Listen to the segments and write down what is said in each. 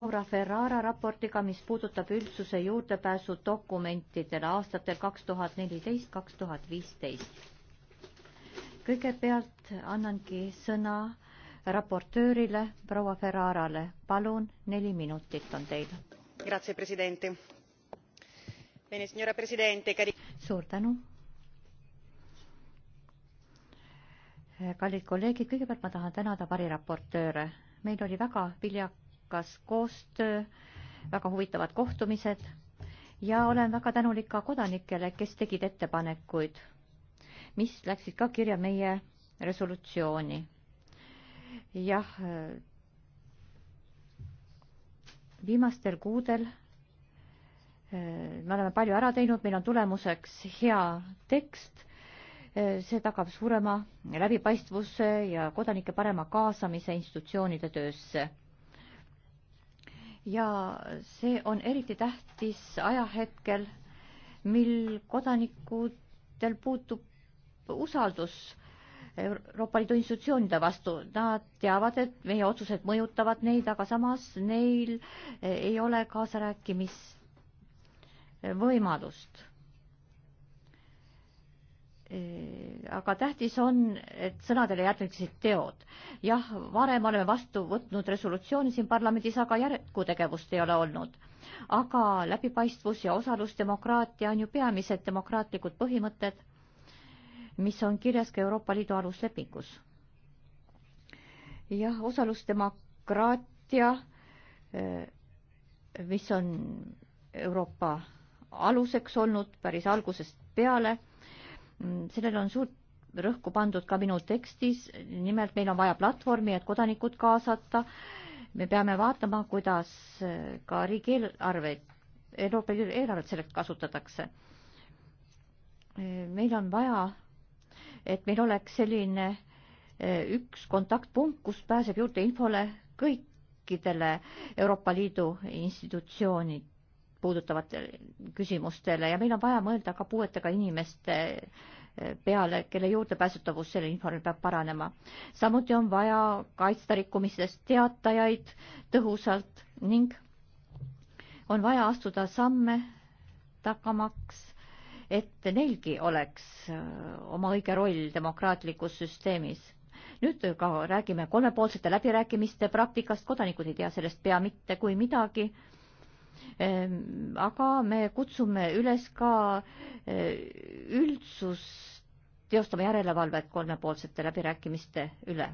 Laura Ferrara raportiga, mis puudutab üldsuse juurdepääsu dokumentidele aastatel kaks tuhat neliteist, kaks tuhat viisteist. kõigepealt annangi sõna raportöörile proua Ferrarale, palun, neli minutit on teil. suur tänu. kallid kolleegid, kõigepealt ma tahan tänada variraportööre, meil oli väga viljakas viljakas koostöö, väga huvitavad kohtumised ja olen väga tänulik ka kodanikele, kes tegid ettepanekuid, mis läksid ka kirja meie resolutsiooni. jah, viimastel kuudel eh, me oleme palju ära teinud, meil on tulemuseks hea tekst, eh, see tagab suurema läbipaistvuse ja kodanike parema kaasamise institutsioonide töösse ja see on eriti tähtis ajahetkel, mil kodanikutel puutub usaldus Euroopa Liidu institutsioonide vastu, nad teavad, et meie otsused mõjutavad neid, aga samas neil ei ole kaasarääkimisvõimalust aga tähtis on, et sõnadele järgneksid teod. jah, varem oleme vastu võtnud resolutsiooni siin parlamendis, aga jätkutegevust ei ole olnud. aga läbipaistvus ja osalusdemokraatia on ju peamised demokraatlikud põhimõtted, mis on kirjas ka Euroopa Liidu aluslepingus. jah, osalusdemokraatia, e, mis on Euroopa aluseks olnud päris algusest peale Mm, sellele on suurt rõhku pandud ka minu tekstis, nimelt meil on vaja platvormi, et kodanikud kaasata. me peame vaatama, kuidas äh, ka riigieelarveid, Euroopa Liidu eelarvet selleks kasutatakse. Äh, meil on vaja, et meil oleks selline äh, üks kontaktpunkt, kus pääseb juurde infole kõikidele Euroopa Liidu institutsioonid puudutavatele küsimustele ja meil on vaja mõelda ka puuetega inimeste peale, kelle juurdepääsetavus sellele infole peab paranema. samuti on vaja kaitsta rikkumistest teatajaid tõhusalt ning on vaja astuda samme tagamaks, et neilgi oleks äh, oma õige roll demokraatlikus süsteemis. nüüd ka räägime kolmepoolsete läbirääkimiste praktikast, kodanikud ei tea sellest pea mitte kui midagi Ehm, aga me kutsume üles ka eh, üldsust teostama järelevalvet kolmepoolsete läbirääkimiste üle.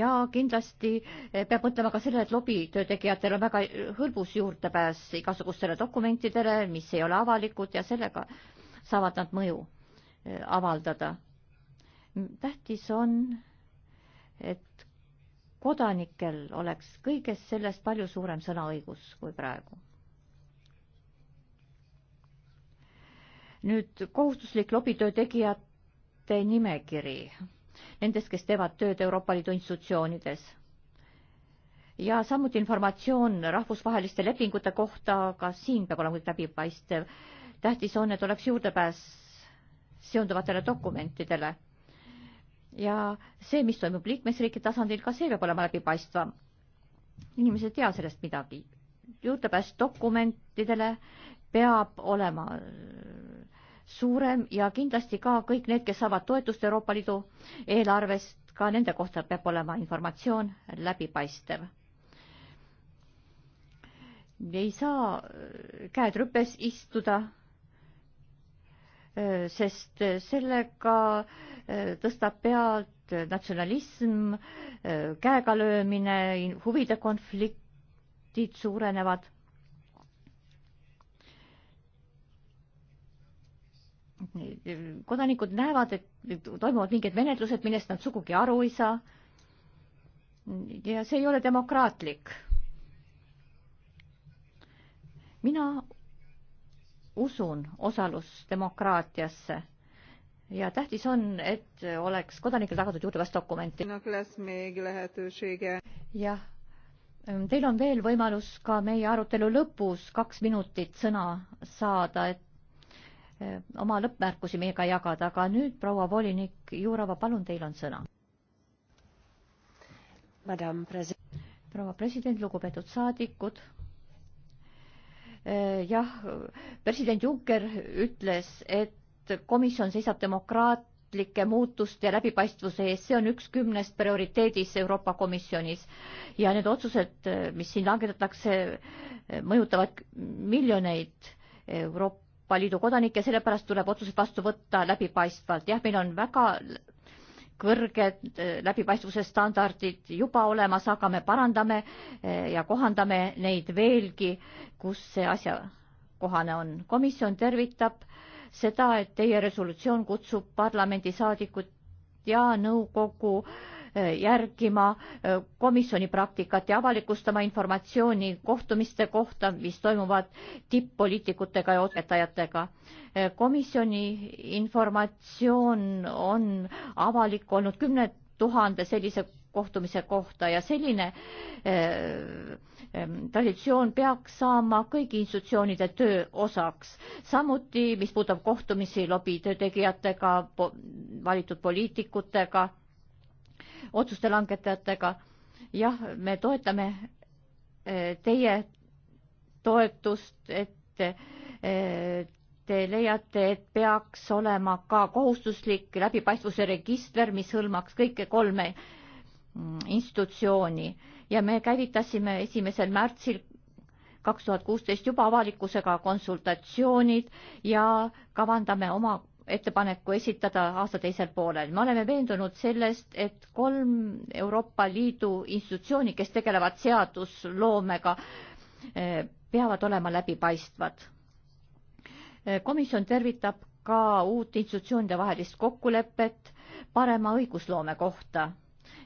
ja kindlasti eh, peab mõtlema ka sellele, et lobitöö tegijatel on väga hõlbus juurdepääs igasugustele dokumentidele, mis ei ole avalikud ja sellega saavad nad mõju eh, avaldada. tähtis on, et kodanikel oleks kõigest sellest palju suurem sõnaõigus kui praegu. nüüd kohustuslik lobitöö tegijate nimekiri nendest, kes teevad tööd Euroopa Liidu institutsioonides ja samuti informatsioon rahvusvaheliste lepingute kohta, ka siin peab olema kõik läbipaistev. tähtis on, et oleks juurdepääs seonduvatele dokumentidele ja see, mis toimub liikmesriigi tasandil, ka see peab olema läbipaistvam. inimesed ei tea sellest midagi. juurdepääs dokumentidele peab olema suurem ja kindlasti ka kõik need, kes saavad toetust Euroopa Liidu eelarvest, ka nende kohta peab olema informatsioon läbipaistev. ei saa käed rüpes istuda sest sellega äh, tõstab pealt natsionalism, äh, käegalöömine, huvide konfliktid suurenevad. kodanikud näevad, et toimuvad mingid menetlused, millest nad sugugi aru ei saa. ja see ei ole demokraatlik. mina usun osalusdemokraatiasse ja tähtis on, et oleks kodanikel tagatud juurdepääs dokumenti. jah, mm, teil on veel võimalus ka meie arutelu lõpus kaks minutit sõna saada, et eh, oma lõppmärkusi meiega jagada, aga nüüd proua volinik Jurova, palun, teil on sõna. proua president, lugupeetud saadikud Eh, jah, president Juncker ütles, et komisjon seisab demokraatlike muutuste ja läbipaistvuse eest, see on üks kümnest prioriteedis Euroopa Komisjonis ja need otsused, eh, mis siin langetatakse, eh, mõjutavad miljoneid Euroopa Liidu kodanikke, sellepärast tuleb otsused vastu võtta läbipaistvalt. jah, meil on väga kõrged eh, läbipaistvuse standardid juba olemas, aga me parandame eh, ja kohandame neid veelgi, kus see asjakohane on. komisjon tervitab seda, et teie resolutsioon kutsub parlamendisaadikud ja nõukogu äh, järgima äh, komisjoni praktikat ja avalikustama informatsiooni kohtumiste kohta, mis toimuvad tipp-poliitikutega ja otsetajatega. Äh, komisjoni informatsioon on avalik olnud kümne tuhande sellise kohtumise kohta ja selline eh, eh, traditsioon peaks saama kõigi institutsioonide töö osaks. samuti, mis puudutab kohtumisi lobitöö tegijatega po, valitud poliitikutega otsuste langetajatega. jah, me toetame eh, teie toetust, et eh, te leiate, et peaks olema ka kohustuslik läbipaistvuse register, mis hõlmaks kõike kolme mm, institutsiooni ja me käivitasime esimesel märtsil kaks tuhat kuusteist juba avalikkusega konsultatsioonid ja kavandame oma ettepaneku esitada aasta teisel poolel. me oleme veendunud sellest, et kolm Euroopa Liidu institutsiooni, kes tegelevad seadusloomega, eh, peavad olema läbipaistvad. Eh, komisjon tervitab ka uut institutsioonide vahelist kokkulepet parema õigusloome kohta.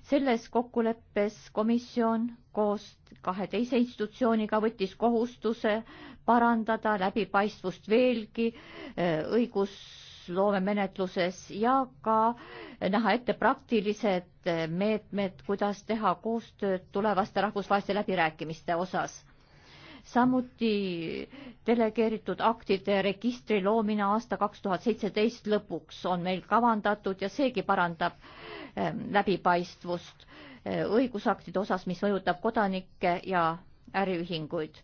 selles kokkuleppes komisjon koos kahe teise institutsiooniga võttis kohustuse parandada läbipaistvust veelgi eh, õigus õigusloomemenetluses ja ka näha ette praktilised meetmed, kuidas teha koostööd tulevaste rahvusvaheliste läbirääkimiste osas. samuti delegeeritud aktide registri loomine aasta kaks tuhat seitseteist lõpuks on meil kavandatud ja seegi parandab ehm, läbipaistvust ehm, õigusaktide osas, mis mõjutab kodanikke ja äriühinguid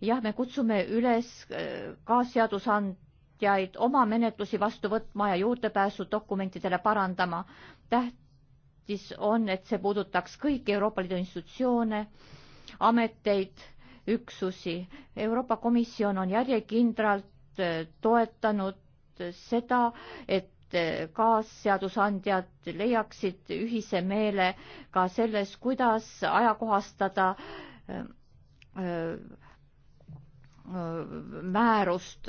jah, me kutsume üles ehm, ka seadusand-, tootjaid oma menetlusi vastu võtma ja juurdepääsu dokumentidele parandama. tähtis on, et see puudutaks kõiki Euroopa Liidu institutsioone, ameteid, üksusi. Euroopa Komisjon on järjekindralt äh, toetanud seda, et äh, kaasseadusandjad leiaksid ühise meele ka selles, kuidas ajakohastada äh, Äh, määrust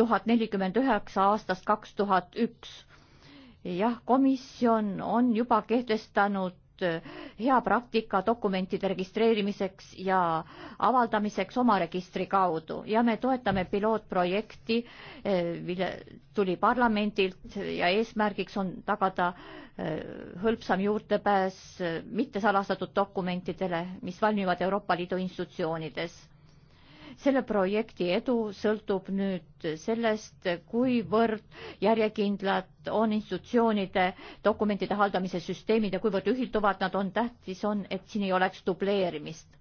tuhat nelikümmend üheksa aastast kaks tuhat üks. jah, komisjon on juba kehtestanud äh, hea praktika dokumentide registreerimiseks ja avaldamiseks oma registri kaudu ja me toetame pilootprojekti, äh, mille tuli parlamendilt ja eesmärgiks on tagada hõlpsam juurdepääs mittesalastatud dokumentidele, mis valmivad Euroopa Liidu institutsioonides selle projekti edu sõltub nüüd sellest, kuivõrd järjekindlad on institutsioonide dokumentide haldamise süsteemid ja kuivõrd ühilduvad nad on, tähtis on, et siin ei oleks dubleerimist.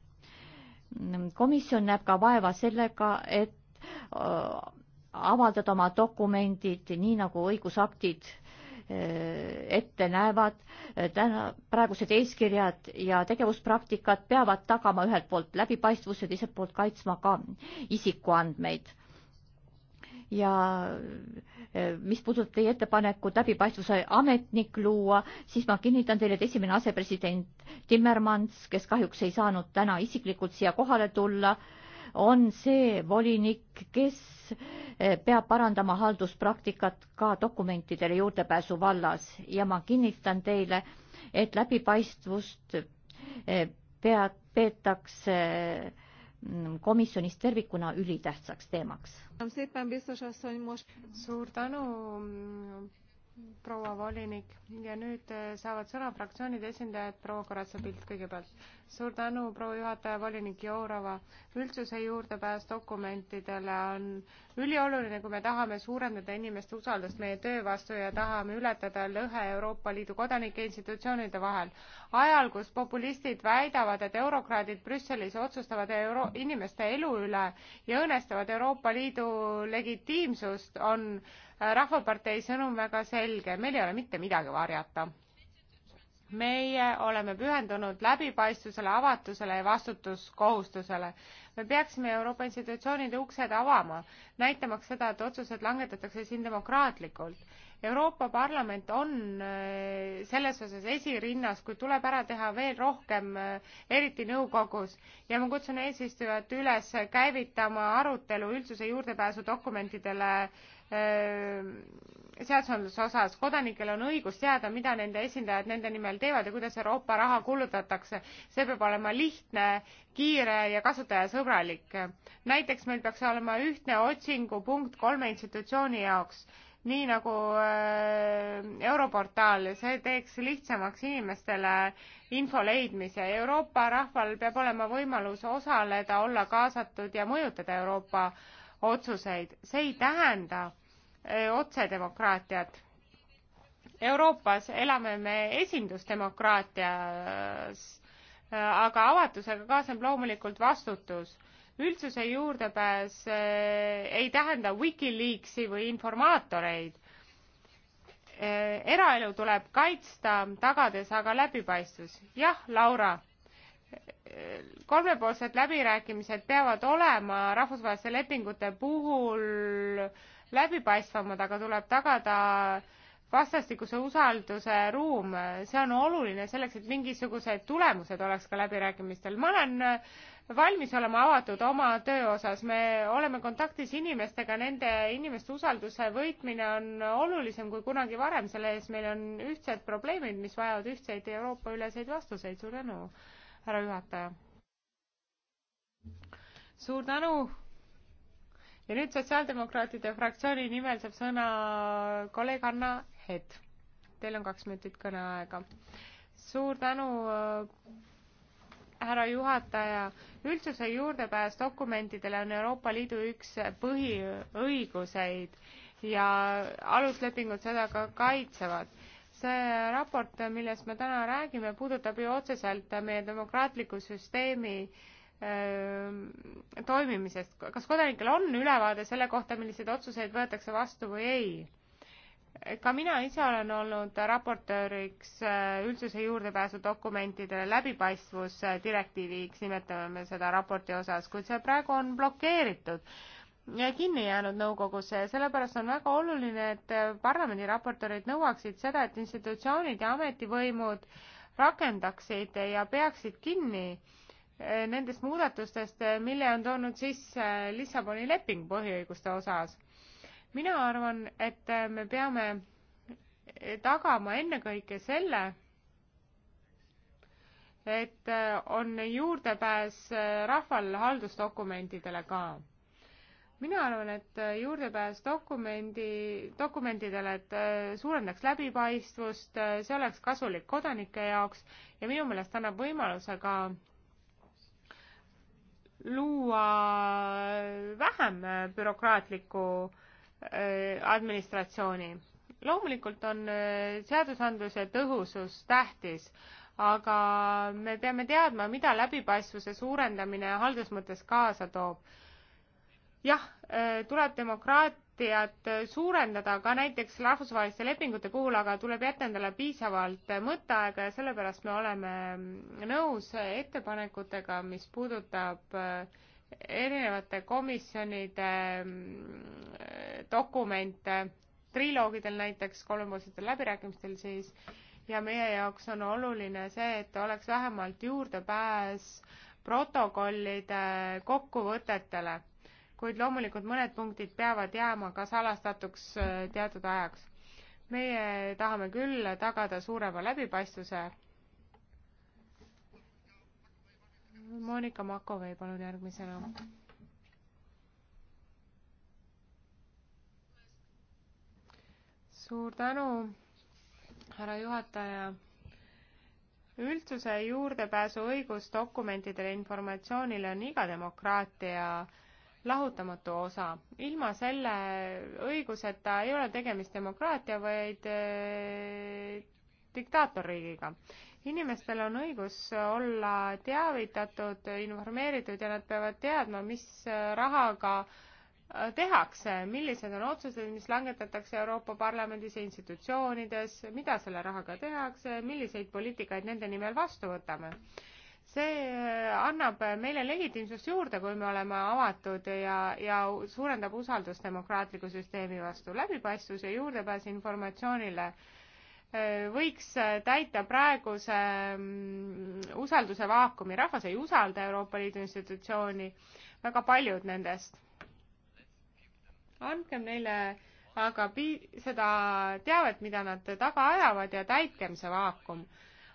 komisjon näeb ka vaeva sellega, et äh, avaldada oma dokumendid nii, nagu õigusaktid äh, Eh, ette näevad. Eh, täna praegused eeskirjad ja tegevuspraktikad peavad tagama ühelt poolt läbipaistvuse, teiselt poolt kaitsma ka isikuandmeid. ja eh, mis puudutab teie ettepanekut läbipaistvuse ametnik luua, siis ma kinnitan teile, et esimene asepresident Timmermans, kes kahjuks ei saanud täna isiklikult siia kohale tulla, on see volinik, kes eh, peab parandama halduspraktikat ka dokumentidele juurdepääsu vallas ja ma kinnitan teile, et läbipaistvust eh, pea, peetakse mm, komisjonis tervikuna ülitähtsaks teemaks. suur tänu proua volinik ja nüüd äh, saavad sõna fraktsioonide esindajad, proua Koratsapilt kõigepealt. suur tänu, proua juhataja, volinik Jourova. üldsuse juurdepääs dokumentidele on ülioluline, kui me tahame suurendada inimeste usaldust meie töö vastu ja tahame ületada lõhe Euroopa Liidu kodanike institutsioonide vahel. ajal, kus populistid väidavad, et eurokraadid Brüsselis otsustavad euro-, inimeste elu üle ja õõnestavad Euroopa Liidu legitiimsust, on rahvapartei sõnum väga selge, meil ei ole mitte midagi varjata. meie oleme pühendunud läbipaistvusele, avatusele ja vastutuskohustusele. me peaksime Euroopa institutsioonide uksed avama, näitamaks seda, et otsused langetatakse siin demokraatlikult. Euroopa Parlament on eh, selles osas esirinnas, kuid tuleb ära teha veel rohkem, eh, eriti nõukogus. ja ma kutsun eesistujat üles käivitama arutelu üldsuse juurdepääsu dokumentidele äh, Ehm, seadusandluse osas kodanikel on õigus teada, mida nende esindajad nende nimel teevad ja kuidas Euroopa raha kulutatakse. see peab olema lihtne, kiire ja kasutajasõbralik. näiteks meil peaks olema ühtne otsingupunkt kolme institutsiooni jaoks, nii nagu ehm, Europortaal, see teeks lihtsamaks inimestele info leidmise. Euroopa rahval peab olema võimalus osaleda, olla kaasatud ja mõjutada Euroopa otsuseid. see ei tähenda e, otsedemokraatiat. Euroopas elame me esindusdemokraatias, e, aga avatusega kaasneb loomulikult vastutus. üldsuse juurdepääs e, ei tähenda Wikileaksi või informaatoreid. eraelu tuleb kaitsta, tagades aga läbipaistvus. jah, Laura kolmepoolsed läbirääkimised peavad olema rahvusvaheliste lepingute puhul läbipaistvamad, aga tuleb tagada vastastikuse usalduse ruum, see on oluline selleks, et mingisugused tulemused oleks ka läbirääkimistel. ma olen valmis olema avatud oma töö osas, me oleme kontaktis inimestega, nende inimeste usalduse võitmine on olulisem kui kunagi varem, selle ees meil on ühtsed probleemid, mis vajavad ühtseid Euroopa-üleseid vastuseid. suur tänu no härra juhataja. suur tänu. ja nüüd sotsiaaldemokraatide fraktsiooni nimel saab sõna kolleeg Anna Hed. Teil on kaks minutit kõneaega. suur tänu härra juhataja, üldsuse juurdepääs dokumentidele on Euroopa Liidu üks põhiõiguseid ja aluslepingud seda ka kaitsevad see raport, millest me täna räägime, puudutab ju otseselt meie demokraatliku süsteemi öö, ähm, toimimisest. kas kodanikel on ülevaade selle kohta, milliseid otsuseid võetakse vastu või ei? ka mina ise olen olnud raportööriks äh, üldsuse juurdepääsu dokumentidele läbipaistvusdirektiiviks, äh, nimetame me seda raporti osas, kuid see praegu on blokeeritud kinni jäänud nõukogus, sellepärast on väga oluline, et parlamendi raportöörid nõuaksid seda, et institutsioonid ja ametivõimud rakendaksid ja peaksid kinni eh, nendest muudatustest, eh, mille on toonud sisse Lissaboni leping põhiõiguste osas. mina arvan, et eh, me peame tagama ennekõike selle, et on juurdepääs rahval haldusdokumentidele ka mina arvan, et äh, juurdepääs dokumendi, dokumentidele, et äh, suurendaks läbipaistvust, äh, see oleks kasulik kodanike jaoks ja minu meelest annab võimaluse ka luua vähem bürokraatliku administratsiooni. loomulikult on seadusandluse tõhusus tähtis, aga me peame teadma, mida läbipaistvuse suurendamine haldusmõttes kaasa toob jah, Äh, tuleb demokraatiat suurendada ka näiteks rahvusvaheliste lepingute puhul, aga tuleb jätta endale piisavalt mõtteaega ja sellepärast me oleme nõus ettepanekutega, mis puudutab äh, erinevate komisjonide mm, dokumente, triloogidel näiteks, kolmepoolsetel läbirääkimistel siis, ja meie jaoks on oluline see, et oleks vähemalt juurdepääs protokollide kokkuvõtetele kuid loomulikult mõned punktid peavad jääma ka salastatuks äh, teatud ajaks. meie tahame küll tagada suurema läbipaistvuse. Monika Makovei, palun järgmisena. suur tänu, härra juhataja üldsuse juurdepääsuõigus dokumentidele informatsioonile on iga demokraatia lahutamatu osa. ilma selle õiguseta ei ole tegemist demokraatia, vaid äh, diktaatorriigiga. inimestel on õigus olla teavitatud, informeeritud ja nad peavad teadma, mis rahaga äh, tehakse, millised on otsused, mis langetatakse Euroopa Parlamendis ja institutsioonides, mida selle rahaga tehakse, milliseid poliitikaid nende nimel vastu võtame see äh, annab meile legitiimsust juurde, kui me oleme avatud ja, ja suurendab usaldust demokraatliku süsteemi vastu. läbipaistvus ja juurdepääs informatsioonile äh, võiks äh, täita praeguse mm, usalduse vaakumi. rahvas ei usalda Euroopa Liidu institutsiooni, väga paljud nendest. andkem neile aga pi-, seda teavet, mida nad taga ajavad ja täitkem see vaakum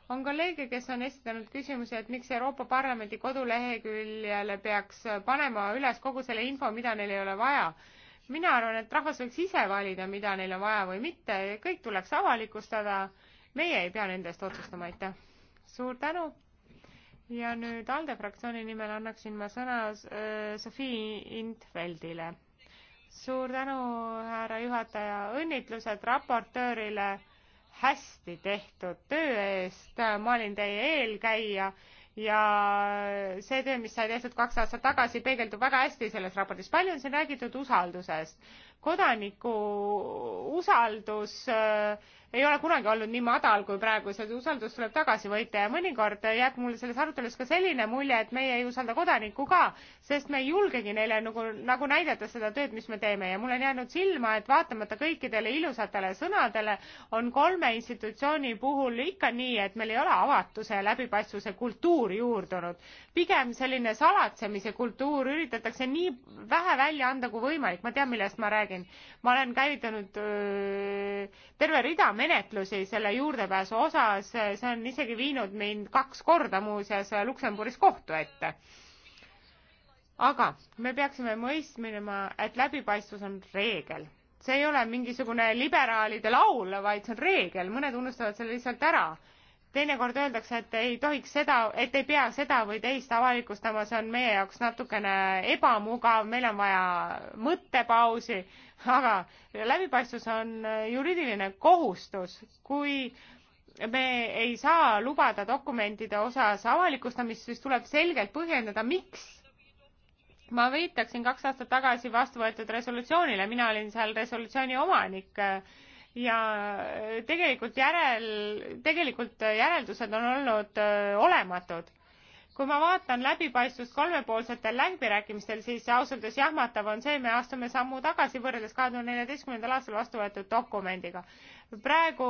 on kolleege, kes on esitanud küsimuse, et miks Euroopa Parlamendi koduleheküljele peaks panema üles kogu selle info, mida neil ei ole vaja. mina arvan, et rahvas võiks ise valida, mida neil on vaja või mitte, kõik tuleks avalikustada, meie ei pea nende eest otsustama, aitäh. suur tänu ja nüüd ALDE fraktsiooni nimel annaksin ma sõna äh, Sofii Intveldile. suur tänu, härra juhataja, õnnitlused raportöörile hästi tehtud töö eest, ma olin teie eelkäija ja see töö, mis sai tehtud kaks aastat tagasi, peegeldub väga hästi selles raportis. palju on siin räägitud usaldusest? kodaniku usaldus ei ole kunagi olnud nii madal kui praegu, see usaldus tuleb tagasi võita ja mõnikord jääb mulle selles arutelus ka selline mulje, et meie ei usalda kodanikku ka, sest me ei julgegi neile nagu, nagu näidata seda tööd, mis me teeme ja mul on jäänud silma, et vaatamata kõikidele ilusatele sõnadele, on kolme institutsiooni puhul ikka nii, et meil ei ole avatuse ja läbipaistvuse kultuur juurdunud. pigem selline salatsemise kultuur üritatakse nii vähe välja anda kui võimalik, ma tean, millest ma räägin. ma olen käivitanud öö, terve rida menetlusi selle juurdepääsu osas, see on isegi viinud mind kaks korda muuseas Luksemburgis kohtu ette. aga me peaksime mõistma, et läbipaistvus on reegel. see ei ole mingisugune liberaalide laul, vaid see on reegel, mõned unustavad selle lihtsalt ära teinekord öeldakse, et ei tohiks seda, et ei pea seda või teist avalikustama, see on meie jaoks natukene ebamugav, meil on vaja mõttepausi, aga läbipaistvus on juriidiline kohustus, kui me ei saa lubada dokumentide osas avalikustamist, siis tuleb selgelt põhjendada, miks ma viitaksin kaks aastat tagasi vastu võetud resolutsioonile, mina olin seal resolutsiooni omanik äh, ja äh, tegelikult järel, tegelikult äh, järeldused on olnud äh, olematud. kui ma vaatan läbipaistvust kolmepoolsetel läbirääkimistel, siis ausalt öeldes jahmatav on see, me astume sammu tagasi võrreldes kahe tuhande neljateistkümnendal aastal vastu võetud dokumendiga. praegu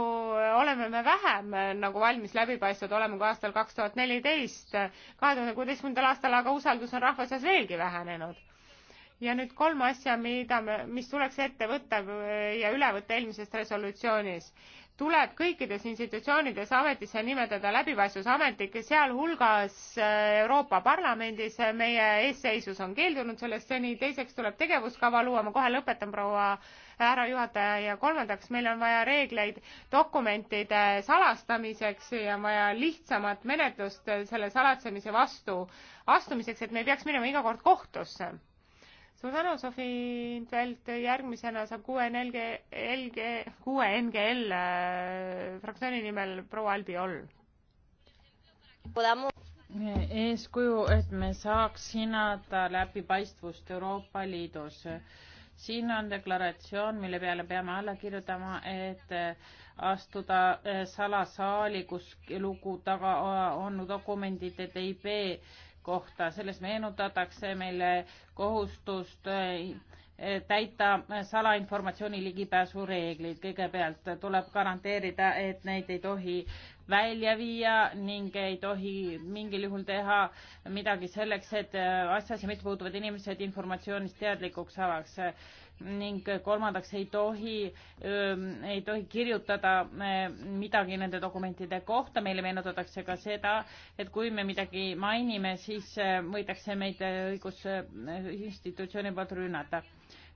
oleme me vähem nagu valmis läbipaistvad olema kui aastal kaks tuhat neliteist, kahe tuhande kuueteistkümnendal aastal aga usaldus on rahva seas veelgi vähenenud ja nüüd kolm asja, mida me, mis tuleks ette võtta äh, ja üle võtta eelmisest resolutsioonis. tuleb kõikides institutsioonides ametisse nimetada läbipaistvusametnikke, sealhulgas äh, Euroopa Parlamendis, meie eesseisus on keeldunud sellest seni, teiseks tuleb tegevuskava luua, ma kohe lõpetan, proua härra juhataja, ja kolmandaks, meil on vaja reegleid dokumentide salastamiseks ja on vaja lihtsamat menetlust selle salatsemise vastu astumiseks, et me ei peaks minema iga kord kohtusse suur tänu, Sofi Intvelt, järgmisena saab kuue NLG, LG, kuue NGL äh, fraktsiooni nimel proua Albi Oll eeskuju, et me saaks hinnata läbipaistvust Euroopa Liidus. siin on deklaratsioon, mille peale peame alla kirjutama, et äh, astuda äh, salasaali, kus lugu taga on dokumendid, et ei pea kohta, selles meenutatakse meile kohustust eh, täita salainformatsiooni ligipääsu reeglid, kõigepealt tuleb garanteerida, et neid ei tohi välja viia ning ei tohi mingil juhul teha midagi selleks, et äh, asjasse mittepuutuvad inimesed informatsioonist teadlikuks saaks. ning kolmandaks ei tohi, ähm, ei tohi kirjutada äh, midagi nende dokumentide kohta, meile meenutatakse ka seda, et kui me midagi mainime, siis äh, võidakse meid õigusinstitutsiooni poolt rünnata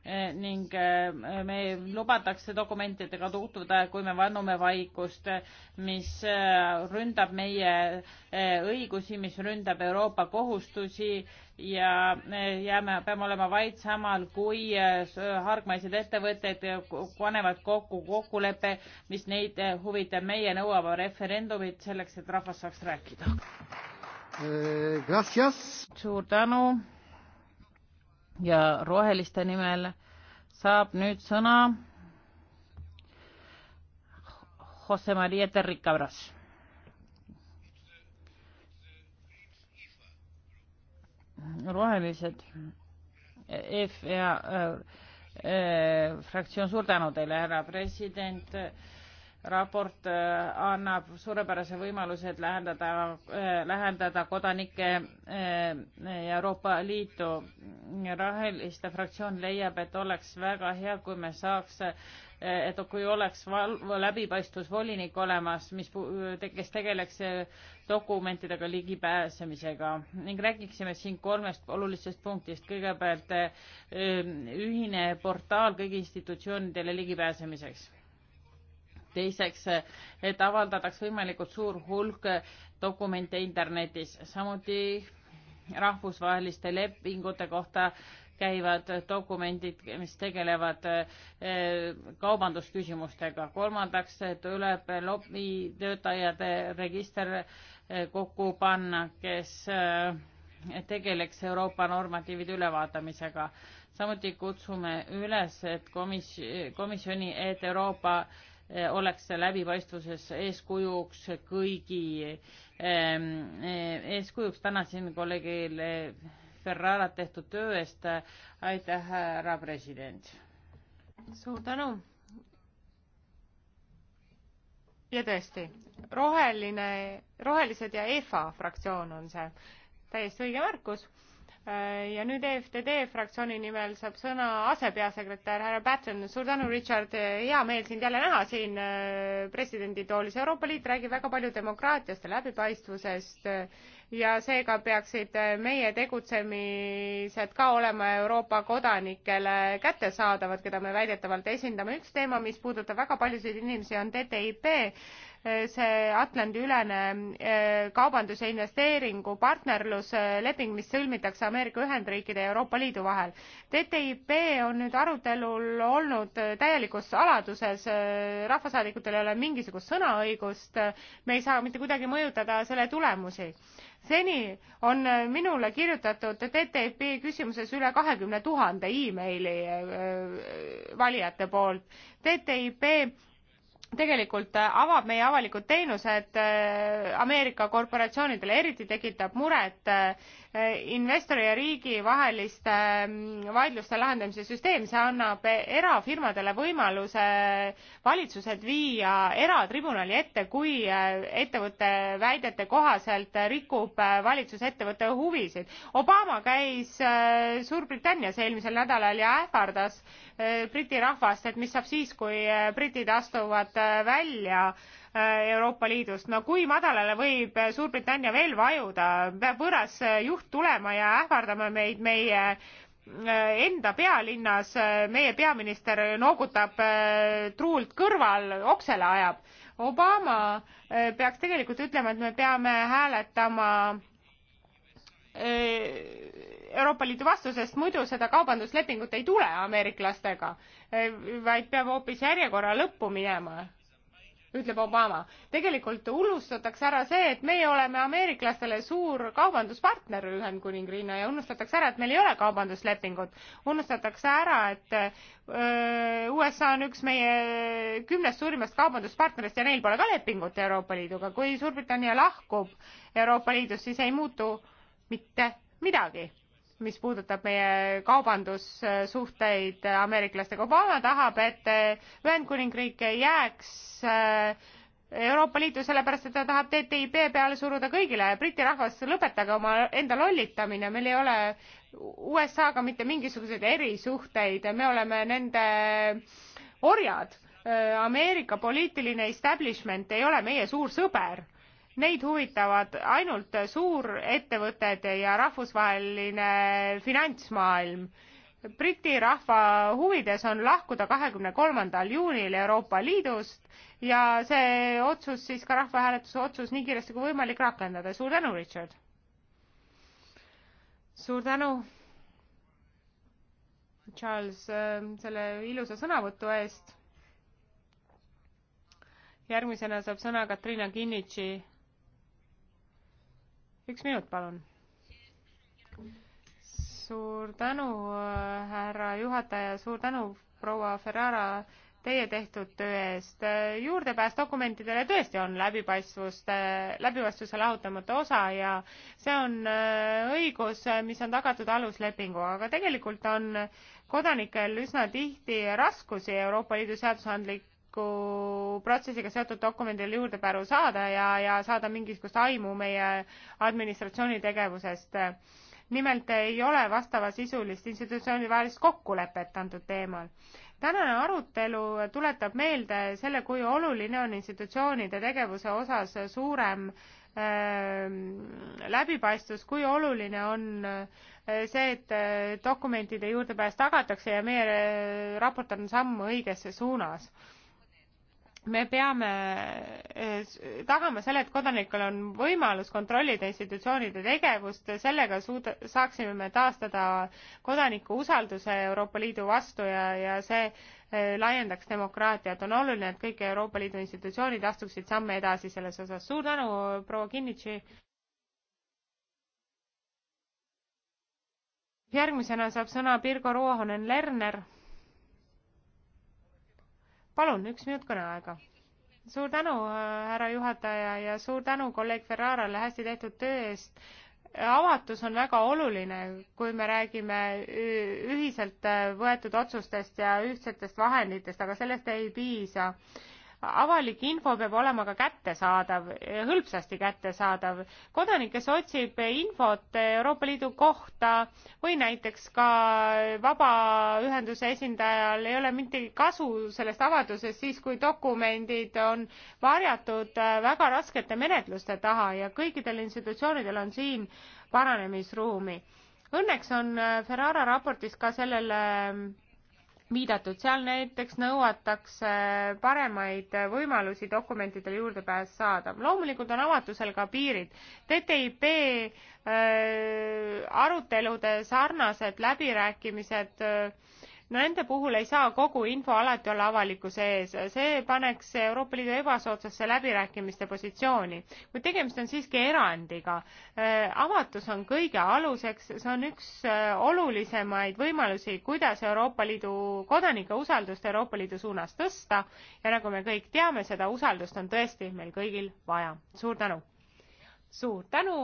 Eh, ning eh, me lubatakse dokumentidega tutvuda, kui me vannume vaikust, mis eh, ründab meie õigusi, mis ründab Euroopa kohustusi ja jääme, peame olema vaid samal, kui hargmaised ettevõtted panevad kokku kokkuleppe, mis neid huvitab. meie nõuame referendumit selleks, et rahvas saaks rääkida. suur tänu ja roheliste nimel saab nüüd sõna Jose Maria Terricabras. rohelised, EFEA äh, äh, fraktsioon, suur tänu teile, härra president äh, raport äh, annab suurepärase võimaluse, et lähendada, äh, lähendada kodanikke äh, Euroopa Liitu. roheliste fraktsioon leiab, et oleks väga hea, kui me saaks, et kui oleks val-, läbipaistvusvolinik olemas, mis, kes tegeleks dokumentidega ligipääsemisega ning räägiksime siin kolmest olulisest punktist. kõigepealt ühine portaal kõigi institutsioonidele ligipääsemiseks teiseks, et avaldataks võimalikult suur hulk dokumente internetis, samuti rahvusvaheliste lepingute kohta käivad dokumendid, mis tegelevad eh, kaubandusküsimustega. kolmandaks tuleb lobitöötajate register eh, kokku panna, kes eh, tegeleks Euroopa normatiivide ülevaatamisega. samuti kutsume üles, et komis-, komisjoni, et Euroopa äh, Eh, oleks läbipaistvuses eeskujuks kõigi ehm, eh, eeskujuks. tänasin kolleegile Ferrarat tehtud töö eest. aitäh, härra president. suur tänu. ja tõesti, roheline, rohelised ja EFA fraktsioon on see. täiesti õige märkus Äh, ja nüüd EFTD fraktsiooni nimel saab sõna asepeasekretär härra Patten. suur tänu, Richard, hea meel sind jälle näha siin äh, presidenditoolis. Euroopa Liit räägib väga palju demokraatiast ja läbipaistvusest äh, ja seega peaksid meie tegutsemised ka olema Euroopa kodanikele kättesaadavad, keda me väidetavalt esindame. üks teema, mis puudutab väga paljusid inimesi, on TTIP see Atlandi-ülene eh, kaubandus- ja investeeringupartnerlus, leping, mis sõlmitakse Ameerika Ühendriikide ja Euroopa Liidu vahel. TTIP on nüüd arutelul olnud eh, täielikus saladuses, eh, rahvasaadikutel ei ole mingisugust sõnaõigust, me ei saa mitte kuidagi mõjutada selle tulemusi seni on minule kirjutatud ttip küsimuses üle kahekümne tuhande emaili valijate poolt ttip tegelikult äh, avab meie avalikud teenused äh, Ameerika korporatsioonidele, eriti tekitab muret äh, investori ja riigi vaheliste ähm, vaidluste lahendamise süsteem, see annab erafirmadele võimaluse valitsused viia eratribunali ette, kui ettevõtte väidete kohaselt rikub valitsus ettevõtte huvisid. Obama käis Suurbritannias eelmisel nädalal ja ähvardas Briti rahvast, et mis saab siis, kui britid astuvad välja äh, Euroopa Liidust. no kui madalale võib Suurbritannia veel vajuda, peab võõras juht tulema ja ähvardama meid meie äh, enda pealinnas, meie peaminister noogutab äh, truult kõrval, oksele ajab. Obama peaks tegelikult ütlema, et me peame hääletama Euroopa Liidu vastu, sest muidu seda kaubanduslepingut ei tule ameeriklastega, vaid peab hoopis järjekorra lõppu minema ütleb Obama. tegelikult unustatakse ära see, et meie oleme ameeriklastele suur kaubanduspartner Ühendkuningriigina ja unustatakse ära, et meil ei ole kaubanduslepingut. unustatakse ära, et öö, USA on üks meie kümnest suurimast kaubanduspartnerist ja neil pole ka lepingut Euroopa Liiduga. kui Suurbritannia lahkub Euroopa Liidust, siis ei muutu mitte midagi mis puudutab meie kaubandussuhteid ameeriklastega. Obama tahab, et Ühendkuningriik ei jääks äh, Euroopa Liitu, sellepärast et ta tahab TTIP peale suruda kõigile. Briti rahvas, lõpetage oma enda lollitamine, meil ei ole USA-ga mitte mingisuguseid erisuhteid, me oleme nende orjad. Äh, Ameerika poliitiline establishment ei ole meie suur sõber Neid huvitavad ainult suurettevõtted ja rahvusvaheline finantsmaailm. Briti rahva huvides on lahkuda kahekümne kolmandal juunil Euroopa Liidust ja see otsus siis ka rahvahääletuse otsus nii kiiresti kui võimalik rakendada. suur tänu, Richard! suur tänu, Charles, äh, selle ilusa sõnavõtu eest. järgmisena saab sõna Katrina Kinnitši üks minut, palun. suur tänu, äh, härra juhataja, suur tänu, proua Ferrara, teie tehtud töö eest. Äh, juurdepääs dokumentidele tõesti on läbipaistvuste, äh, läbipaistvuse lahutamatu osa ja see on õigus, mis on tagatud aluslepinguga, aga tegelikult on kodanikel üsna tihti raskusi Euroopa Liidu seadusandlik kodanikuprotsessiga seotud dokumendile juurdepääru saada ja, ja saada mingisugust aimu meie administratsiooni tegevusest. nimelt ei ole vastavasisulist institutsioonivahelist kokkulepet antud teemal. tänane arutelu tuletab meelde selle, kui oluline on institutsioonide tegevuse osas suurem ähm, läbipaistvus, kui oluline on äh, see, et äh, dokumentide juurdepääs tagatakse ja meie äh, raport on samm õiges suunas me peame eh, tagama selle, et kodanikel on võimalus kontrollida institutsioonide tegevust, sellega suuda, saaksime me taastada kodaniku usalduse Euroopa Liidu vastu ja, ja see eh, laiendaks demokraatiat. on oluline, et kõik Euroopa Liidu institutsioonid astuksid samme edasi selles osas. suur tänu, proua Kinnitši. järgmisena saab sõna Pirgo Ruohonen-Lerner palun, üks minut kõneaega. suur tänu, äh, härra juhataja ja suur tänu kolleeg Ferrarale hästi tehtud töö eest avatus on väga oluline, kui me räägime ühiselt äh, võetud otsustest ja ühtsetest vahenditest, aga sellest ei piisa avalik info peab olema ka kättesaadav, hõlpsasti kättesaadav. kodanik, kes otsib infot Euroopa Liidu kohta või näiteks ka vabaühenduse esindajal ei ole mingit kasu sellest avaldusest siis, kui dokumendid on varjatud väga raskete menetluste taha ja kõikidel institutsioonidel on siin paranemisruumi. Õnneks on Ferrara raportis ka sellele viidatud, seal näiteks nõuatakse paremaid võimalusi dokumentidele juurdepääs saada. loomulikult on avatusel ka piirid. TTIP äh, arutelude sarnased läbirääkimised öö, äh, Nende puhul ei saa kogu info alati olla avalikkuse ees, see paneks Euroopa Liidu ebasoodsasse läbirääkimiste positsiooni. kuid tegemist on siiski erandiga. Äh, avatus on kõige aluseks, see on üks äh, olulisemaid võimalusi, kuidas Euroopa Liidu kodanike usaldust Euroopa Liidu suunas tõsta ja nagu me kõik teame, seda usaldust on tõesti meil kõigil vaja. suur tänu! suur tänu!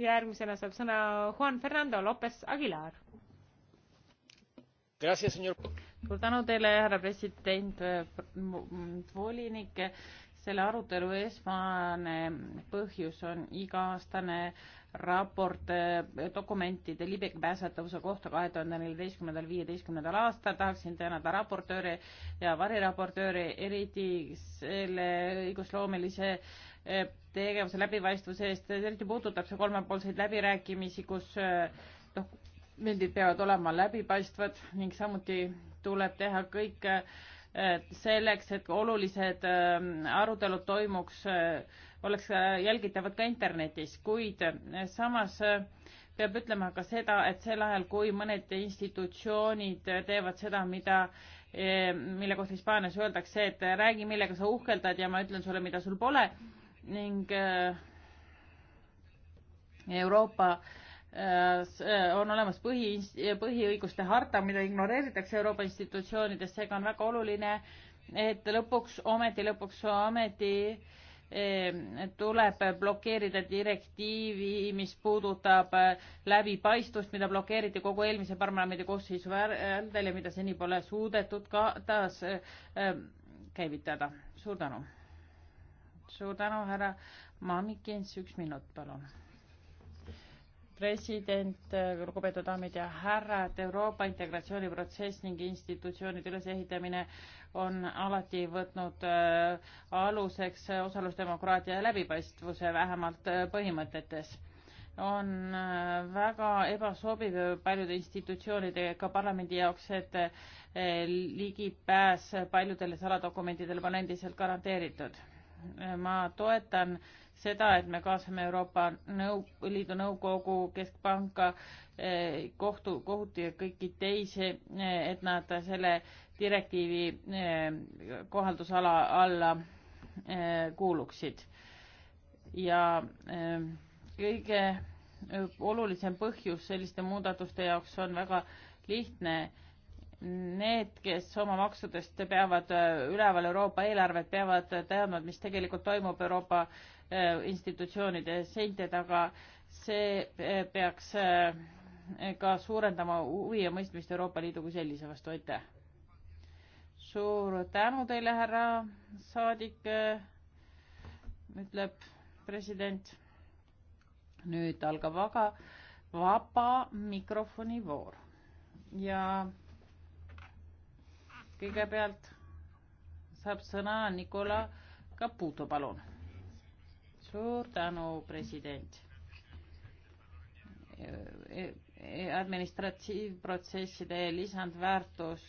järgmisena saab sõna Juan Fernando Lopez Aguilar suur tänu teile, härra president, mm, volinik. selle arutelu esmane põhjus on iga-aastane raport eh, dokumentide ligipääsetavuse kohta kahe tuhande neljateistkümnendal, viieteistkümnendal aastal. tahaksin tänada raportööre ja variraportööre, eriti selle õigusloomelise eh, tegevuse läbipaistvuse eest, eriti puudutab see kolmepoolseid läbirääkimisi, kus eh, noh, dokumendid peavad olema läbipaistvad ning samuti tuleb teha kõik äh, selleks, et olulised ähm, arutelud toimuks, äh, oleks äh, jälgitavad ka internetis, kuid samas peab ütlema ka seda, et sel ajal, kui mõned institutsioonid teevad seda, mida, mille kohta Hispaanias öeldakse, et räägi, millega sa uhkeldad ja ma ütlen sulle, mida sul pole ning Euroopa äh, Äh, äh, on olemas põhi, põhiõiguste harta, mida ignoreeritakse Euroopa institutsioonides, seega on väga oluline, et lõpuks ometi, lõpuks ometi äh, tuleb blokeerida direktiivi, mis puudutab läbipaistvust, mida blokeeriti kogu eelmise parlamendi koosseisu vältel ja mida seni pole suudetud ka taas käivitada. suur tänu. suur tänu, härra Mamikins, üks minut, palun president, äh, lugupeetud daamid ja härrad, Euroopa integratsiooniprotsess ning institutsioonide ülesehitamine on alati võtnud äh, aluseks osalusdemokraatia ja läbipaistvuse vähemalt äh, põhimõtetes on väga ebasobiv paljude institutsioonide ja ka parlamendi jaoks, et ligipääs paljudele saladokumentidele on endiselt garanteeritud. ma toetan seda, et me kaasame Euroopa Nõu-, Liidu Nõukogu, Keskpanka, eh, kohtu, kohuti ja kõiki teisi, eh, et nad selle direktiivi eh, kohaldusala alla kuuluksid. ja kõige olulisem põhjus selliste muudatuste jaoks on väga lihtne need, kes oma maksudest peavad üleval Euroopa eelarvet, peavad teadma, mis tegelikult toimub Euroopa Äh, institutsioonide seinte taga, see äh, peaks äh, ka suurendama huvi ja mõistmist Euroopa Liidu kui sellise vastu, aitäh! suur tänu teile, härra saadik, ütleb president. nüüd algab aga vaba mikrofoni voor ja kõigepealt saab sõna Nicola Caputo, palun suur tänu, president. E, e, administratiivprotsesside lisandväärtus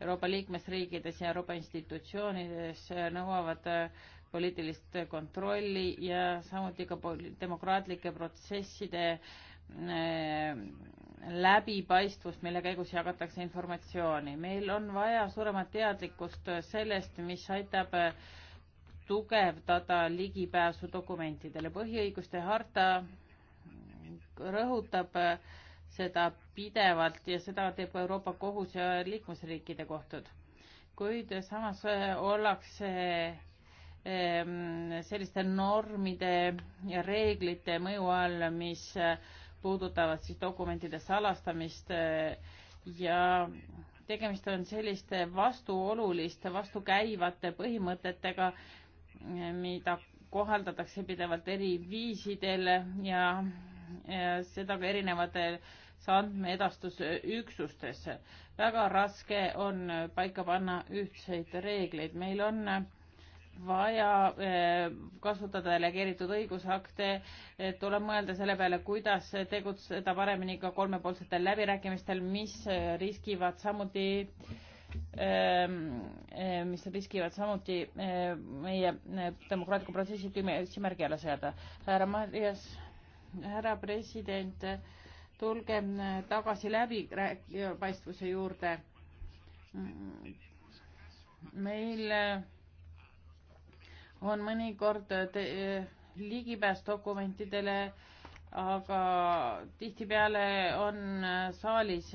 Euroopa liikmesriikides ja Euroopa institutsioonides nõuavad poliitilist kontrolli ja samuti ka demokraatlike protsesside e, läbipaistvust, mille käigus jagatakse informatsiooni. meil on vaja suuremat teadlikkust sellest, mis aitab tugevdada ligipääsu dokumentidele. põhiõiguste harta rõhutab seda pidevalt ja seda teeb ka Euroopa Kohus ja liikmesriikide kohtud. kuid samas ollakse ehm, selliste normide ja reeglite mõju all, mis puudutavad siis dokumentide salastamist eh, ja tegemist on selliste vastuoluliste, vastukäivate põhimõtetega, mida kohaldatakse pidevalt eri viisidel ja, ja seda ka erinevates andmeedastusüksustes. väga raske on paika panna ühtseid reegleid, meil on vaja eh, kasutada delegeeritud õigusakte, tuleb mõelda selle peale, kuidas tegutseda paremini ka kolmepoolsetel läbirääkimistel, mis riskivad samuti äh, Ähm, äh, mis riskivad samuti äh, meie äh, demokraatliku protsessi küsimärgi alla seada. härra Marias, härra president, tulge tagasi läbipaistvuse juurde. meil on mõnikord ligipääs dokumentidele äh, aga tihtipeale on saalis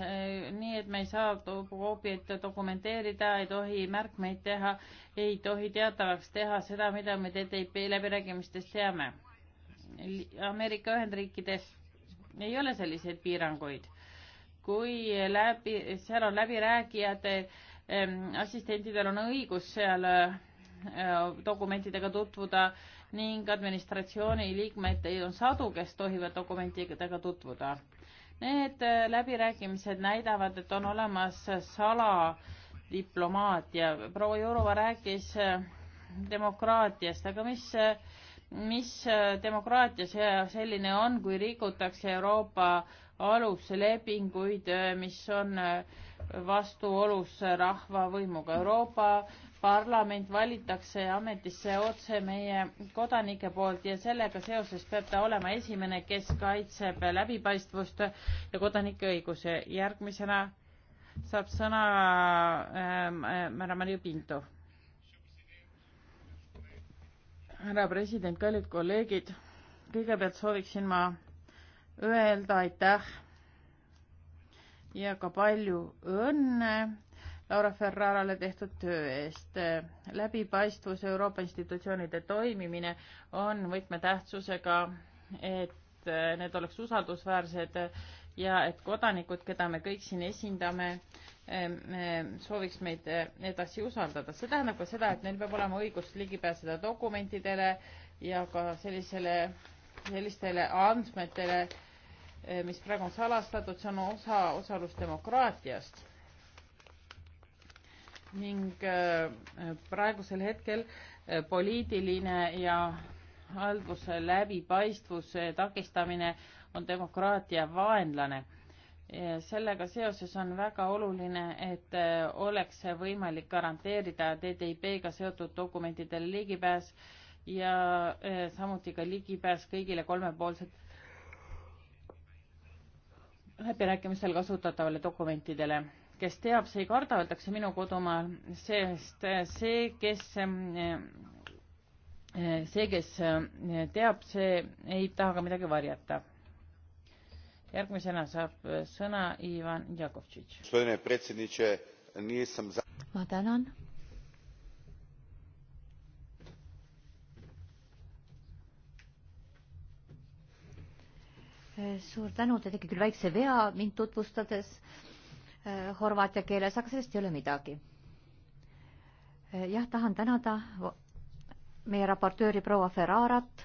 nii, et me ei saa koopiat dokumenteerida, ei tohi märkmeid teha, ei tohi teatavaks teha seda, mida me TTIP läbirääkimistes teame. Ameerika Ühendriikides ei ole selliseid piiranguid. kui läbi, seal on läbirääkijate assistentidel on õigus seal dokumentidega tutvuda äh, ning administratsiooni liikmeid on sadu, kes tohivad dokumentidega tutvuda. Need äh, läbirääkimised näidavad, et on olemas saladiplomaatia. proua Jurova rääkis äh, demokraatiast, aga mis, äh, mis demokraatia see selline on, kui rikutakse Euroopa aluslepinguid, mis on vastuolus rahva võimuga. Euroopa parlament valitakse ametisse otse meie kodanike poolt ja sellega seoses peab ta olema esimene, kes kaitseb läbipaistvust ja kodanike õiguse. järgmisena saab sõna ähm, äh, härra äh, Marju Pinto. härra president, kallid kolleegid, kõigepealt sooviksin ma öelda aitäh ja ka palju õnne Laura Ferrarale tehtud töö eest. läbipaistvus Euroopa institutsioonide toimimine on võtmetähtsusega, et need oleks usaldusväärsed ja et kodanikud, keda me kõik siin esindame, sooviks meid edasi usaldada. see tähendab ka seda, et neil peab olema õigus ligi pääseda dokumentidele ja ka sellisele, sellistele andmetele, mis praegu on salastatud, see on osa osalusdemokraatiast ning äh, praegusel hetkel äh, poliitiline ja halduse läbipaistvuse takistamine on demokraatia vaenlane. sellega seoses on väga oluline, et äh, oleks võimalik garanteerida TTIP-ga seotud dokumentidele ligipääs ja samuti ka ligipääs kõigile kolmepoolsetele läbirääkimistel kasutatavale dokumentidele kes teab, see ei karda, öeldakse minu kodumaal, sest see, kes see, kes teab, see ei taha ka midagi varjata. järgmisena saab sõna Ivan Jakovtšitš. ma tänan. suur tänu, te tegite küll väikse vea mind tutvustades Äh, horvaatia keeles, aga sellest ei ole midagi. Äh, jah, tahan tänada meie raportööri proua Ferrarat.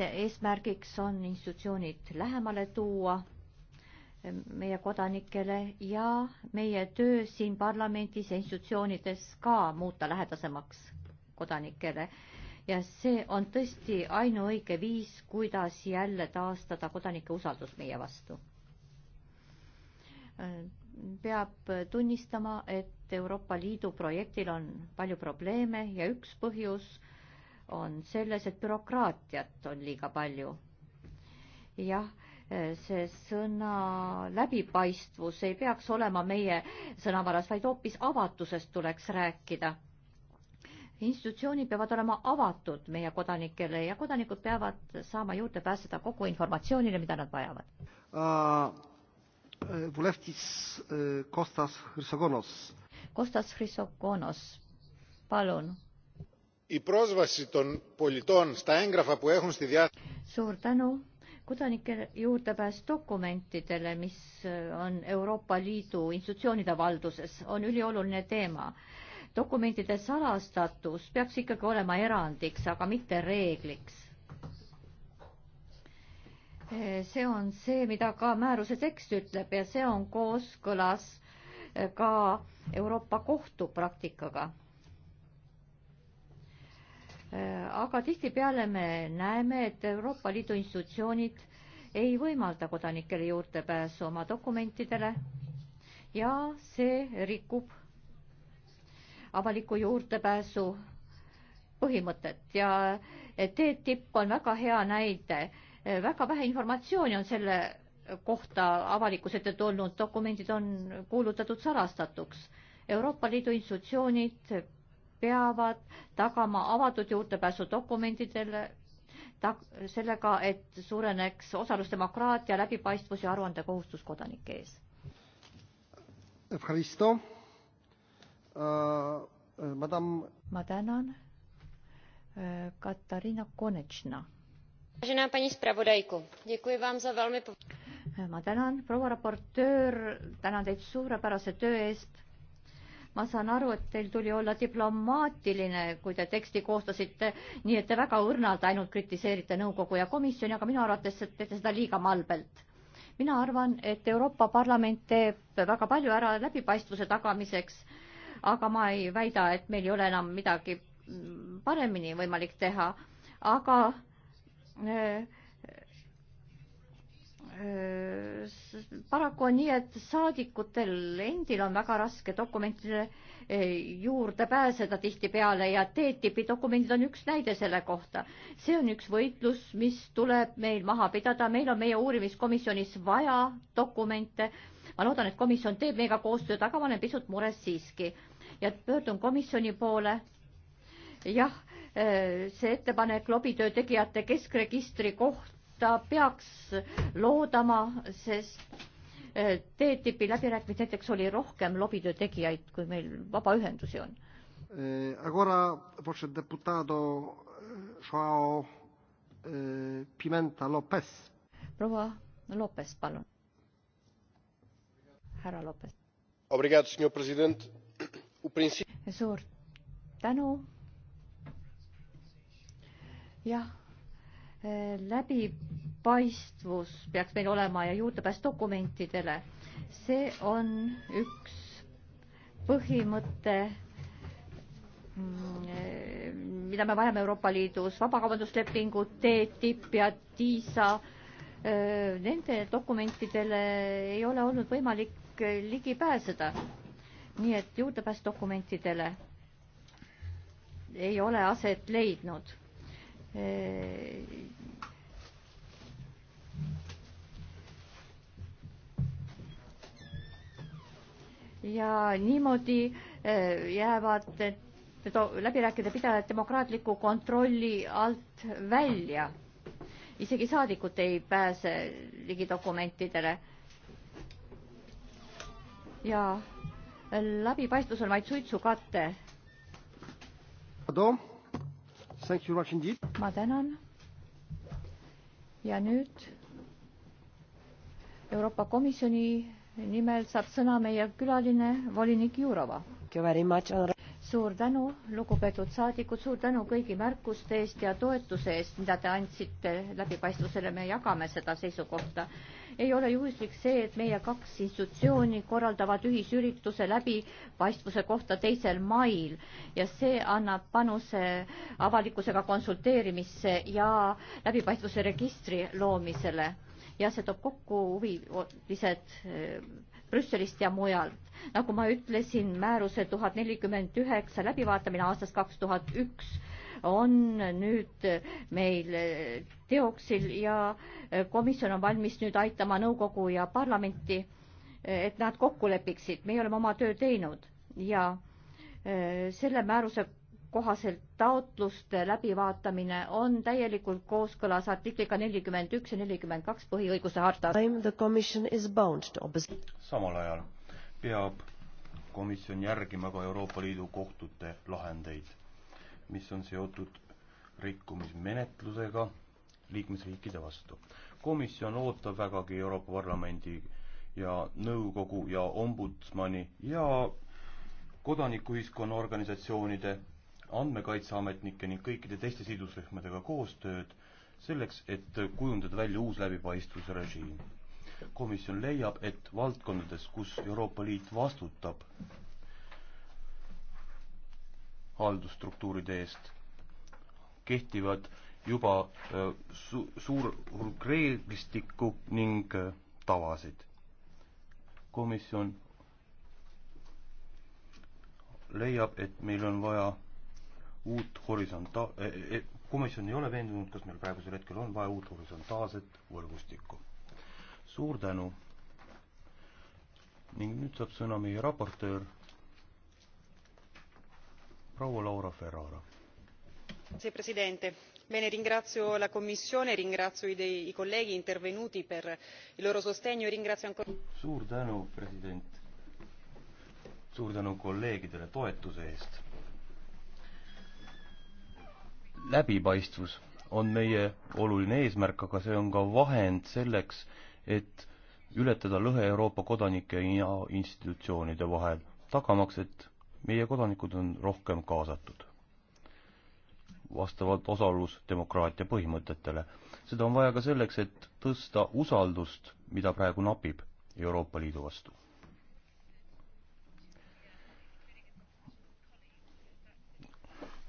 eesmärgiks on institutsioonid lähemale tuua äh, meie kodanikele ja meie töö siin parlamendis ja institutsioonides ka muuta lähedasemaks kodanikele. ja see on tõesti ainuõige viis, kuidas jälle taastada kodanike usaldus meie vastu peab tunnistama, et Euroopa Liidu projektil on palju probleeme ja üks põhjus on selles, et bürokraatiat on liiga palju. jah, see sõna läbipaistvus ei peaks olema meie sõnavaras, vaid hoopis avatusest tuleks rääkida. institutsioonid peavad olema avatud meie kodanikele ja kodanikud peavad saama juurde pääseda kogu informatsioonile, mida nad vajavad uh Vulevtis e, Kostas Hrisogonos. Kostas Hrisogonos, palun. Η πρόσβαση των πολιτών στα έγγραφα που έχουν στη διάθεση. Suur tänu kodanike juurdepääs dokumentidele, mis e, on Euroopa Liidu institutsioonide valduses, on ülioluline teema. dokumentide salastatus peaks ikkagi olema erandiks, aga mitte reegliks. Eh, see on see, mida ka määruse tekst ütleb ja see on kooskõlas eh, ka Euroopa Kohtu praktikaga. Eh, aga tihtipeale me näeme, et Euroopa Liidu institutsioonid ei võimalda kodanikele juurdepääsu oma dokumentidele ja see rikub avaliku juurdepääsu põhimõtet ja TTIP on väga hea näide Äh, väga vähe informatsiooni on selle kohta avalikkuse ette tulnud, dokumendid on kuulutatud salastatuks. Euroopa Liidu institutsioonid peavad tagama avatud juurdepääsu dokumentidele, ta-, sellega, et suureneks osalusdemokraatia, läbipaistvus ja aruandekohustus kodanike ees. Äh, äh, ma tänan. Katariina Konetšna ma tänan, proua raportöör, tänan teid suurepärase töö eest. ma saan aru, et teil tuli olla diplomaatiline, kui te teksti koostasite, nii et te väga õrnalt ainult kritiseerite nõukogu ja komisjoni, aga minu arvates teete seda liiga malbelt mina arvan, et Euroopa Parlament teeb väga palju ära läbipaistvuse tagamiseks, aga ma ei väida, et meil ei ole enam midagi mm, paremini võimalik teha, aga Äh, äh, paraku on nii, et saadikutel endil on väga raske dokumentidele äh, juurde pääseda tihtipeale ja TTIP-i dokumendid on üks näide selle kohta. see on üks võitlus, mis tuleb meil maha pidada, meil on meie uurimiskomisjonis vaja dokumente. ma loodan, et komisjon teeb meiega koostööd, aga ma olen pisut mures siiski ja pöördun komisjoni poole. jah Äh, see ettepanek lobitöö tegijate keskregistri kohta peaks loodama, sest äh, TTIP-i läbirääkimised näiteks oli rohkem lobitöö tegijaid, kui meil vabaühendusi on. Äh, agora proszę deputado e, Joao e, Pimenta Lopez. proua Lopez, palun. härra Lopez. suur tänu jah, äh, läbipaistvus peaks meil olema ja juurdepääs dokumentidele. see on üks põhimõte, mm, äh, mida me vajame Euroopa Liidus, vabakaubanduslepingud, TTIP ja TISA, äh, nende dokumentidele ei ole olnud võimalik ligi pääseda. nii et juurdepääs dokumentidele ei ole aset leidnud Äh, ja niimoodi äh, jäävad need läbirääkide pidajad demokraatliku kontrolli alt välja. isegi saadikud ei pääse ligi dokumentidele. ja läbipaistvus on vaid suitsukate ma tänan. ja nüüd Euroopa Komisjoni nimel saab sõna meie külaline, volinik Jurova suur tänu, lugupeetud saadikud, suur tänu kõigi märkuste eest ja toetuse eest, mida te andsite läbipaistvusele, me jagame seda seisukohta. ei ole juhuslik see, et meie kaks institutsiooni korraldavad ühisürituse läbipaistvuse kohta teisel mail ja see annab panuse avalikkusega konsulteerimisse ja läbipaistvuse registri loomisele ja see toob kokku huvilised eh, Brüsselist ja mujalt. nagu ma ütlesin, määruse tuhat nelikümmend üheksa läbivaatamine aastast kaks tuhat üks on nüüd meil eh, teoksil ja eh, komisjon on valmis nüüd aitama nõukogu ja parlamenti, et nad kokku lepiksid. meie oleme oma töö teinud ja selle määruse kohaselt taotluste läbivaatamine on täielikult kooskõlas artikliga nelikümmend üks ja nelikümmend kaks põhiõiguse hartas. samal ajal peab komisjon järgima ka Euroopa Liidu kohtute lahendeid, mis on seotud rikkumismenetlusega liikmesriikide vastu. komisjon ootab vägagi Euroopa Parlamendi ja nõukogu ja ombudsmani ja kodanikuühiskonna organisatsioonide andmekaitseametnike ning kõikide teiste sidusrühmadega koostööd selleks, et kujundada välja uus läbipaistvuse režiim. komisjon leiab, et valdkondades, kus Euroopa Liit vastutab haldusstruktuuride eest, kehtivad juba äh, su-, suur hulk reeglistikku ning äh, tavasid. komisjon leiab, et meil on vaja uut horisonta-, e, e, komisjon ei ole veendunud, kas meil praegusel hetkel on vaja uut horisontaalset võrgustikku. suur tänu. ning nüüd saab sõna meie raportöör, proua Laura Ferrara. Grazie Presidente. Bene, ringrazio la Commissione, ringrazio i, dei, i colleghi intervenuti per il loro sostegno e ringrazio ancora... Suur tänu, President. Suur tänu kolleegidele toetuse eest läbipaistvus on meie oluline eesmärk, aga see on ka vahend selleks, et ületada lõhe Euroopa kodanike ja institutsioonide vahel, tagamaks, et meie kodanikud on rohkem kaasatud vastavalt osalusdemokraatia põhimõtetele. seda on vaja ka selleks, et tõsta usaldust, mida praegu napib Euroopa Liidu vastu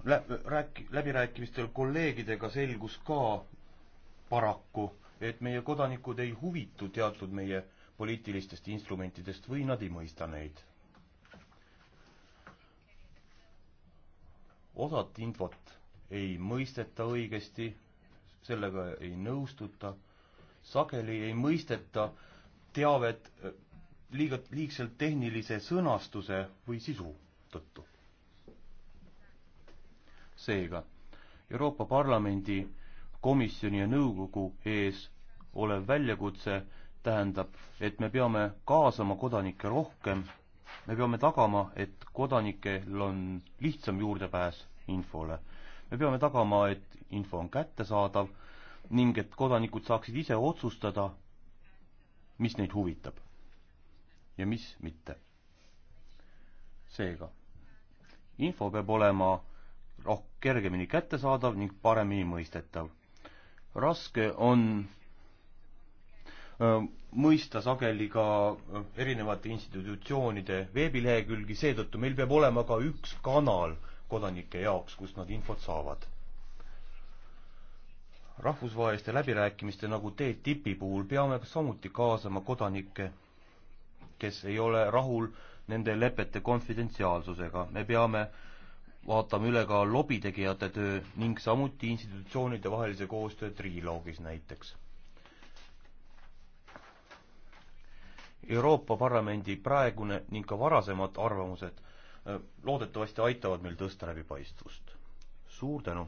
rääk-, läbirääkimistel kolleegidega selgus ka paraku, et meie kodanikud ei huvitu teatud meie poliitilistest instrumentidest või nad ei mõista neid. osat infot ei mõisteta õigesti, sellega ei nõustuta, sageli ei mõisteta teavet eh, liiga, liigselt tehnilise sõnastuse või sisu tõttu seega Euroopa Parlamendi, komisjoni ja nõukogu ees olev väljakutse tähendab, et me peame kaasama kodanikke rohkem, me peame tagama, et kodanikel on lihtsam juurdepääs infole. me peame tagama, et info on kättesaadav ning et kodanikud saaksid ise otsustada, mis neid huvitab ja mis mitte. seega, info peab olema roh-, kergemini kättesaadav ning paremini mõistetav. raske on mõista sageli ka erinevate institutsioonide veebilehekülgi, seetõttu meil peab olema ka üks kanal kodanike jaoks, kust nad infot saavad. rahvusvaheliste läbirääkimiste nagu TTIP-i puhul peame samuti kaasama kodanikke, kes ei ole rahul nende lepete konfidentsiaalsusega. me peame äh, vaatame üle ka lobitegijate töö ning samuti institutsioonide vahelise koostöö triloogis näiteks. Euroopa Parlamendi praegune ning ka varasemad arvamused äh, loodetavasti aitavad meil tõsta läbipaistvust. suur tänu!